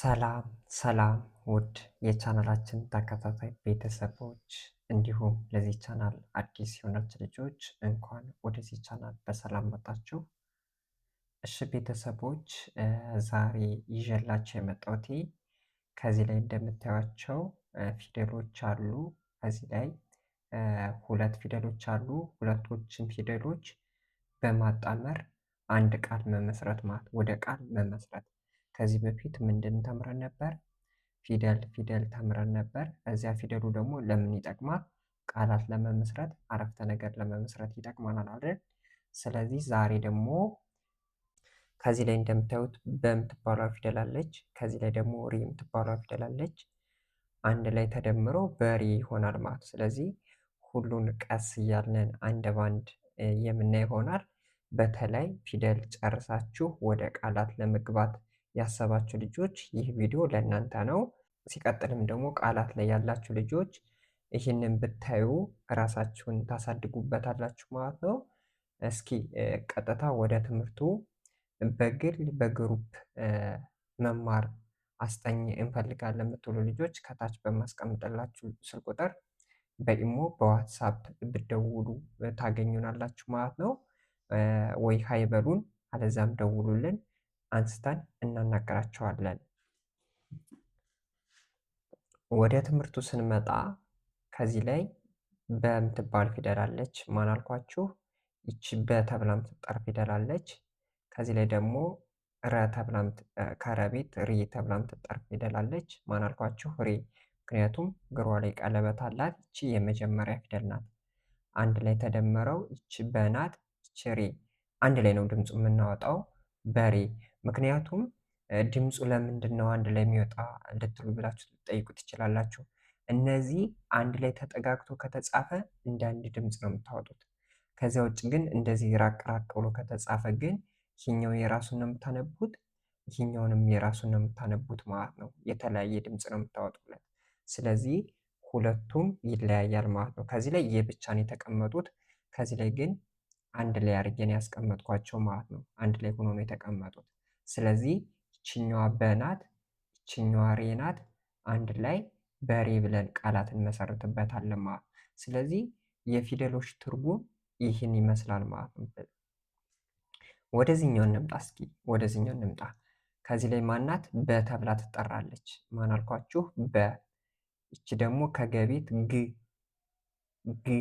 ሰላም ሰላም ውድ የቻናላችን ተከታታይ ቤተሰቦች እንዲሁም ለዚህ ቻናል አዲስ የሆናችሁ ልጆች እንኳን ወደዚህ ቻናል በሰላም መጣችሁ። እሺ ቤተሰቦች ዛሬ ይዤላቸው የመጣሁት ከዚህ ላይ እንደምታዩቸው ፊደሎች አሉ። ከዚህ ላይ ሁለት ፊደሎች አሉ። ሁለቶችን ፊደሎች በማጣመር አንድ ቃል መመስረት ማለት ወደ ቃል መመስረት ከዚህ በፊት ምንድን ተምረን ነበር? ፊደል ፊደል ተምረን ነበር። እዚያ ፊደሉ ደግሞ ለምን ይጠቅማል? ቃላት ለመመስረት አረፍተ ነገር ለመመስረት ይጠቅማናል አይደል? ስለዚህ ዛሬ ደግሞ ከዚህ ላይ እንደምታዩት በምትባሏ ፊደል አለች። ከዚህ ላይ ደግሞ ሪ የምትባሏ ፊደል አለች። አንድ ላይ ተደምሮ በሪ ይሆናል ማለት። ስለዚህ ሁሉን ቀስ እያልንን አንድ ባንድ የምናይ ይሆናል። በተለይ ፊደል ጨርሳችሁ ወደ ቃላት ለመግባት ያሰባችሁ ልጆች ይህ ቪዲዮ ለእናንተ ነው። ሲቀጥልም ደግሞ ቃላት ላይ ያላችሁ ልጆች ይህንን ብታዩ ራሳችሁን ታሳድጉበታላችሁ ማለት ነው። እስኪ ቀጥታ ወደ ትምህርቱ በግል በግሩፕ መማር አስጠኝ እንፈልጋለን የምትሉ ልጆች ከታች በማስቀምጠላችሁ ስልክ ቁጥር በኢሞ በዋትሳፕ ብደውሉ ታገኙናላችሁ ማለት ነው። ወይ ሀይበሉን አለዛም ደውሉልን። አንስተን እናናገራቸዋለን። ወደ ትምህርቱ ስንመጣ ከዚህ ላይ በምትባል ፊደል አለች። ማን አልኳችሁ? ይቺ ተብላ ምትጠር ፊደል አለች። ከዚህ ላይ ደግሞ ረ ተብላ ከረቤት ሪ ተብላ ምትጠር ፊደል አለች። ማን አልኳችሁ? ሪ። ምክንያቱም ግሯ ላይ ቀለበት አላት። ይቺ የመጀመሪያ ፊደል ናት። አንድ ላይ ተደመረው ይቺ በናት ይቺ ሪ። አንድ ላይ ነው ድምፁ የምናወጣው በሪ ምክንያቱም ድምፁ ለምንድን ነው አንድ ላይ የሚወጣ እንድትሉ ብላችሁ ልጠይቁ ትችላላችሁ። እነዚህ አንድ ላይ ተጠጋግቶ ከተጻፈ እንደ አንድ ድምፅ ነው የምታወጡት። ከዚያ ውጭ ግን እንደዚህ ራቅ ራቅ ብሎ ከተጻፈ ግን ይህኛው የራሱን ነው የምታነቡት፣ ይህኛውንም የራሱን ነው የምታነቡት ማለት ነው። የተለያየ ድምፅ ነው የምታወጡለት። ስለዚህ ሁለቱም ይለያያል ማለት ነው። ከዚህ ላይ የብቻን ነው የተቀመጡት። ከዚህ ላይ ግን አንድ ላይ አድርጌ ነው ያስቀመጥኳቸው ማለት ነው። አንድ ላይ ሆኖ ነው የተቀመጡት። ስለዚህ ይችኛዋ በናት ይችኛዋ ሬናት አንድ ላይ በሬ ብለን ቃላት እንመሰርትበታለን ማለት ነው። ስለዚህ የፊደሎች ትርጉም ይህን ይመስላል ማለት ነው። ወደዚህኛው እንምጣ እስኪ ወደዚህኛው እንምጣ። ከዚህ ላይ ማናት በተብላ ትጠራለች። ማን አልኳችሁ? በ ይቺ ደግሞ ከገቤት ግ ግ።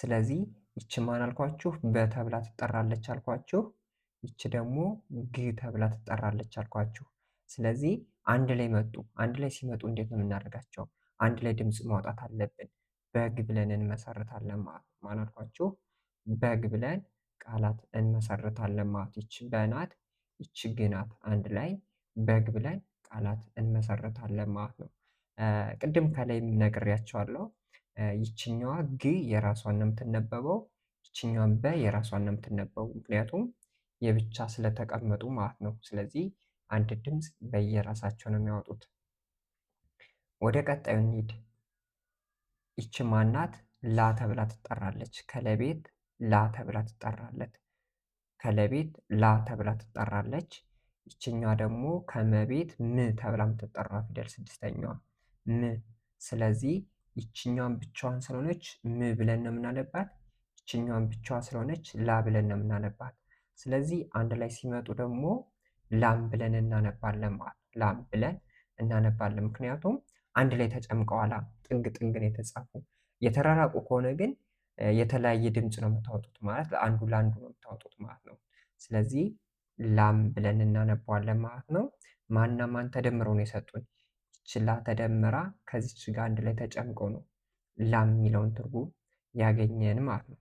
ስለዚህ ይቺ ማን አልኳችሁ? በተብላ ትጠራለች አልኳችሁ። ይች ደግሞ ግ ተብላ ትጠራለች አልኳችሁ። ስለዚህ አንድ ላይ መጡ። አንድ ላይ ሲመጡ እንዴት ነው የምናደርጋቸው? አንድ ላይ ድምፅ ማውጣት አለብን። በግ ብለን እንመሰርታለን ማለት አልኳችሁ። በግ ብለን ቃላት እንመሰርታለን ማለት ይች በናት ይች ግናት አንድ ላይ በግ ብለን ቃላት እንመሰርታለን ማለት ነው። ቅድም ከላይ ነግሬያቸዋለሁ። ይችኛዋ ግ የራሷን ነው የምትነበበው። ይችኛዋን በ የራሷን ነው የምትነበበው ምክንያቱም የብቻ ስለተቀመጡ ማለት ነው። ስለዚህ አንድ ድምፅ በየራሳቸው ነው የሚያወጡት። ወደ ቀጣዩ እንሂድ። ይች ማናት? ላ ተብላ ትጠራለች። ከለቤት ላ ተብላ ትጠራለች። ከለቤት ላ ተብላ ትጠራለች። ይችኛዋ ደግሞ ከመቤት ም ተብላ የምትጠራ ፊደል ስድስተኛዋ ም። ስለዚህ ይችኛዋን ብቻዋን ስለሆነች ም ብለን ነው የምናነባት። ይችኛዋን ብቻዋ ስለሆነች ላ ብለን ነው የምናነባት። ስለዚህ አንድ ላይ ሲመጡ ደግሞ ላም ብለን እናነባለን ማለት ነው። ላም ብለን እናነባለን ምክንያቱም አንድ ላይ ተጨምቀዋላ ጥግ ጥግ ነው የተጻፉ። የተራራቁ ከሆነ ግን የተለያየ ድምፅ ነው የምታወጡት ማለት ለአንዱ ለአንዱ ነው የምታወጡት ማለት ነው። ስለዚህ ላም ብለን እናነባዋለን ማለት ነው። ማና ማን ተደምረው ነው የሰጡን? ችላ ተደምራ ከዚች ጋር አንድ ላይ ተጨምቀው ነው ላም የሚለውን ትርጉም ያገኘን ማለት ነው።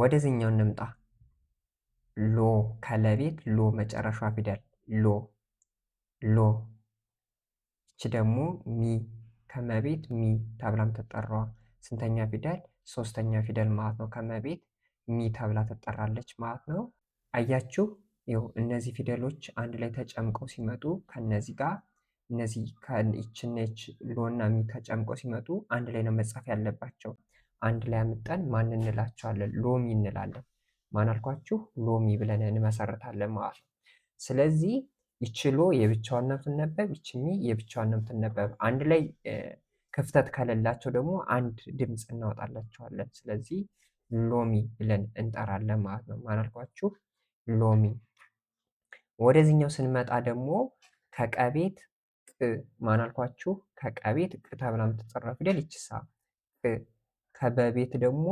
ወደዚህኛው እንምጣ። ሎ ከለቤት ሎ መጨረሻ ፊደል ሎ ሎ። እቺ ደግሞ ሚ ከመቤት ሚ ተብላም ትጠራዋ ስንተኛ ፊደል? ሶስተኛ ፊደል ማለት ነው። ከመቤት ሚ ተብላ ትጠራለች ማለት ነው። አያችሁ፣ ይኸው እነዚህ ፊደሎች አንድ ላይ ተጨምቀው ሲመጡ ከነዚህ ጋር እነዚህ ከእችነች ሎና ሚ ተጨምቀው ሲመጡ አንድ ላይ ነው መጻፍ ያለባቸው። አንድ ላይ አምጠን ማን እንላቸዋለን? ሎሚ እንላለን። ማን አልኳችሁ ሎሚ ብለን እንመሰርታለን ማለት ነው። ስለዚህ ይቺ ሎ የብቻዋን ነው የምትነበብ፣ ይቺ ሚ የብቻዋን ነው የምትነበብ። አንድ ላይ ክፍተት ከሌላቸው ደግሞ አንድ ድምፅ እናወጣላቸዋለን። ስለዚህ ሎሚ ብለን እንጠራለን ማለት ነው። ማን አልኳችሁ ሎሚ። ወደዚህኛው ስንመጣ ደግሞ ከቀቤት ቅ ማን አልኳችሁ ከቀቤት ቅ ተብላ የምትጠራ ፊደል ይችሳ ቅ ከበቤት ደግሞ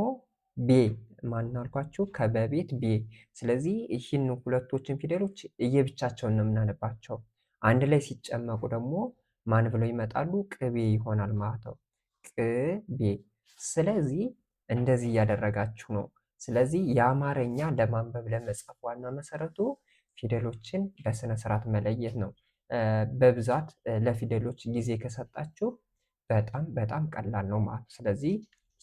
ቤ ማናልኳችሁ ከበቤት ቤ። ስለዚህ ይህን ሁለቶችን ፊደሎች እየብቻቸውን ነው የምናነባቸው። አንድ ላይ ሲጨመቁ ደግሞ ማን ብለው ይመጣሉ? ቅቤ ይሆናል ማለት ነው። ቅቤ። ስለዚህ እንደዚህ እያደረጋችሁ ነው። ስለዚህ የአማርኛ ለማንበብ ለመጻፍ ዋና መሰረቱ ፊደሎችን በስነ ስርዓት መለየት ነው። በብዛት ለፊደሎች ጊዜ ከሰጣችሁ በጣም በጣም ቀላል ነው ማለት ነው። ስለዚህ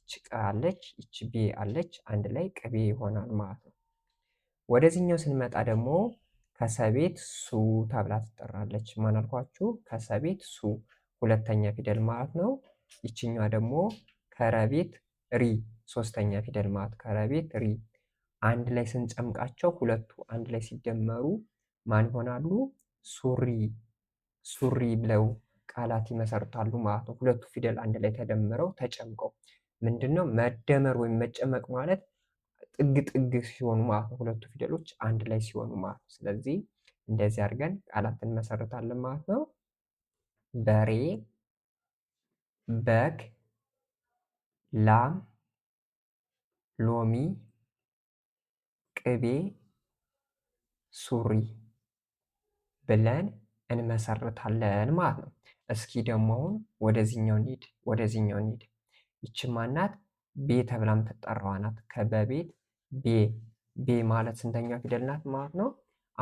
ይች ቀ አለች፣ ይች ቢ አለች። አንድ ላይ ቅቤ ይሆናል ማለት ነው። ወደዚህኛው ስንመጣ ደግሞ ከሰቤት ሱ ተብላ ትጠራለች። ማን አልኳችሁ? ከሰቤት ሱ ሁለተኛ ፊደል ማለት ነው። ይችኛዋ ደግሞ ከረቤት ሪ ሶስተኛ ፊደል ማለት ከረቤት ሪ። አንድ ላይ ስንጨምቃቸው ሁለቱ አንድ ላይ ሲደመሩ ማን ይሆናሉ? ሱሪ ሱሪ ብለው ቃላት ይመሰርታሉ ማለት ነው። ሁለቱ ፊደል አንድ ላይ ተደምረው ተጨምቀው ምንድን ነው መደመር ወይም መጨመቅ ማለት ጥግ ጥግ ሲሆኑ ማለት ነው። ሁለቱ ፊደሎች አንድ ላይ ሲሆኑ ማለት ነው። ስለዚህ እንደዚህ አድርገን ቃላት እንመሰርታለን ማለት ነው። በሬ፣ በግ፣ ላም፣ ሎሚ፣ ቅቤ፣ ሱሪ ብለን እንመሰርታለን ማለት ነው። እስኪ ደግሞ አሁን ወደዚህኛው ኒድ ወደዚህኛው ኒድ ይች ማናት? ቤ ተብላ የምትጠራዋ ናት። ከበቤት ቤ ቤ ማለት ስንተኛ ፊደል ናት ማለት ነው?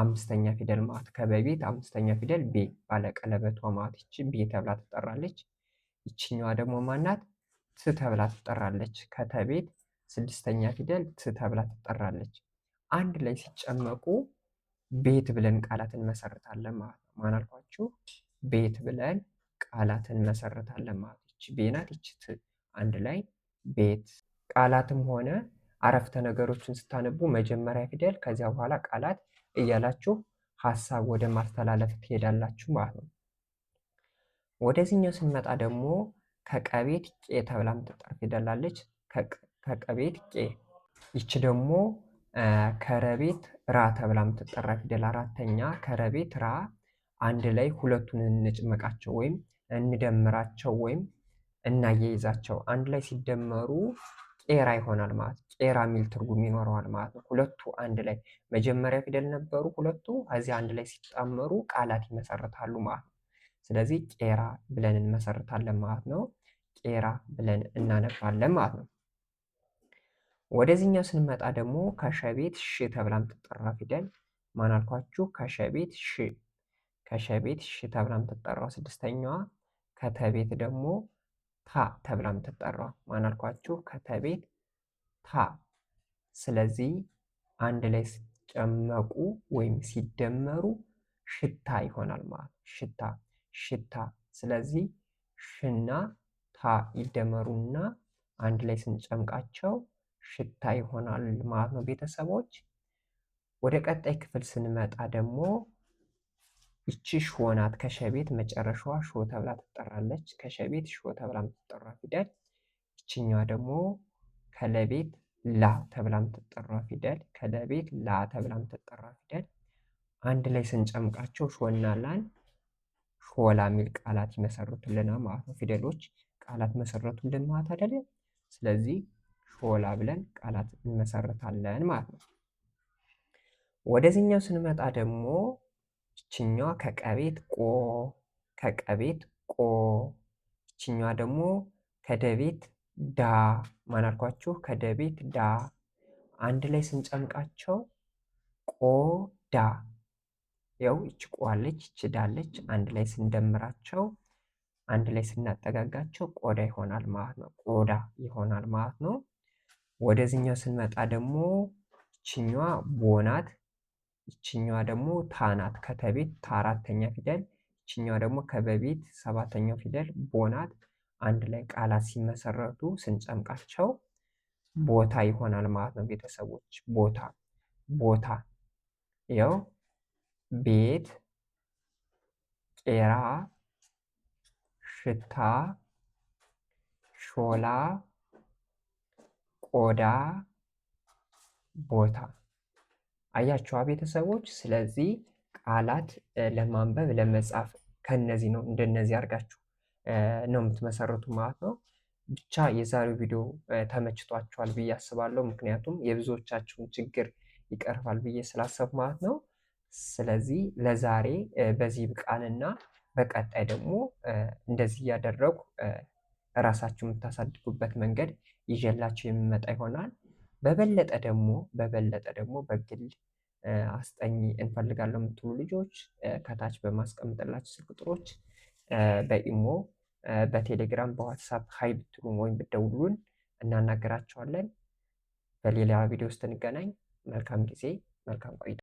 አምስተኛ ፊደል ማለት ከበቤት አምስተኛ ፊደል ቤ ባለቀለበቷ ማለት ይች ቤ ተብላ ትጠራለች። ይችኛዋ ደግሞ ማናት? ት ተብላ ትጠራለች። ከተቤት ስድስተኛ ፊደል ት ተብላ ትጠራለች። አንድ ላይ ሲጨመቁ ቤት ብለን ቃላት እንመሰርታለን ማለት ነው። ማን አልኳችሁ? ቤት ብለን ቃላት እንመሰርታለን ማለት ይች ቤ ናት። ይች ት አንድ ላይ ቤት ቃላትም ሆነ አረፍተ ነገሮችን ስታነቡ መጀመሪያ ፊደል ከዚያ በኋላ ቃላት እያላችሁ ሀሳብ ወደ ማስተላለፍ ትሄዳላችሁ ማለት ነው። ወደዚህኛው ስንመጣ ደግሞ ከቀቤት ቄ ተብላ የምትጠራ ፊደል አለች። ከቀቤት ቄ ይቺ ደግሞ ከረቤት ራ ተብላ የምትጠራ ፊደል አራተኛ። ከረቤት ራ አንድ ላይ ሁለቱን እንጭመቃቸው ወይም እንደምራቸው ወይም እናያይዛቸው አንድ ላይ ሲደመሩ ቄራ ይሆናል ማለት ነው። ቄራ የሚል ትርጉም ይኖረዋል ማለት ነው። ሁለቱ አንድ ላይ መጀመሪያ ፊደል ነበሩ ሁለቱ፣ ከዚህ አንድ ላይ ሲጣመሩ ቃላት ይመሰርታሉ ማለት ነው። ስለዚህ ቄራ ብለን እንመሰርታለን ማለት ነው። ቄራ ብለን እናነባለን ማለት ነው። ወደዚህኛው ስንመጣ ደግሞ ከሸቤት ሽ ተብላ የምትጠራ ፊደል ማን አልኳችሁ? ከሸቤት ሽ ከሸቤት ሽ ተብላ የምትጠራው ስድስተኛዋ ከተቤት ደግሞ ታ ተብላ የምትጠራ ማን አልኳችሁ? ከተቤት ታ። ስለዚህ አንድ ላይ ሲጨመቁ ወይም ሲደመሩ ሽታ ይሆናል ማለት ሽታ ሽታ። ስለዚህ ሽና ታ ይደመሩና አንድ ላይ ስንጨምቃቸው ሽታ ይሆናል ማለት ነው ቤተሰቦች። ወደ ቀጣይ ክፍል ስንመጣ ደግሞ ይቺ ሾ ናት። ከሸ ቤት መጨረሻዋ ሾ ተብላ ትጠራለች። ከሸ ቤት ሾ ተብላ የምትጠራ ፊደል። ይችኛዋ ደግሞ ከለቤት ላ ተብላ የምትጠራ ፊደል። ከለቤት ላ ተብላ የምትጠራ ፊደል። አንድ ላይ ስንጨምቃቸው ሾና ላን ሾላ የሚል ቃላት ይመሰረቱልና ማለት ነው። ፊደሎች ቃላት መሰረቱልን ማለት አይደለም። ስለዚህ ሾላ ብለን ቃላት እንመሰረታለን ማለት ነው። ወደዚህኛው ስንመጣ ደግሞ ችኛ ከቀቤት ቆ ከቀቤት ቆ ችኛ ደግሞ ከደቤት ዳ ማናልኳችሁ ከደቤት ዳ አንድ ላይ ስንጨምቃቸው ቆ ዳ ያው እች ቋለች እች ዳለች አንድ ላይ ስንደምራቸው አንድ ላይ ስናጠጋጋቸው ቆዳ ይሆናል ማለት ነው። ቆዳ ይሆናል ማለት ነው። ወደዚህኛው ስንመጣ ደግሞ ችኛዋ ቦናት ይችኛዋ ደግሞ ታናት ከተቤት ታአራተኛ ፊደል ይችኛዋ ደግሞ ከበቤት ሰባተኛው ፊደል ቦናት። አንድ ላይ ቃላት ሲመሰረቱ ስንጨምቃቸው ቦታ ይሆናል ማለት ነው። ቤተሰቦች ቦታ ቦታ ያው ቤት፣ ቄራ፣ ሽታ፣ ሾላ፣ ቆዳ፣ ቦታ አያቸው ቤተሰቦች። ስለዚህ ቃላት ለማንበብ ለመጻፍ ከነዚህ ነው እንደነዚህ አድርጋችሁ ነው የምትመሰርቱ ማለት ነው። ብቻ የዛሬው ቪዲዮ ተመችቷችኋል ብዬ አስባለሁ። ምክንያቱም የብዙዎቻችሁን ችግር ይቀርፋል ብዬ ስላሰብ ማለት ነው። ስለዚህ ለዛሬ በዚህ ብቃንና በቀጣይ ደግሞ እንደዚህ እያደረጉ እራሳችሁ የምታሳድጉበት መንገድ ይዤላችሁ የሚመጣ ይሆናል። በበለጠ ደግሞ በበለጠ ደግሞ በግል አስጠኝ እንፈልጋለን የምትሉ ልጆች ከታች በማስቀምጥላቸው ስልክ ቁጥሮች በኢሞ በቴሌግራም በዋትሳፕ ሀይ ብትሉን ወይም ብደውሉን እናናገራቸዋለን። በሌላ ቪዲዮ ውስጥ እንገናኝ። መልካም ጊዜ፣ መልካም ቆይታ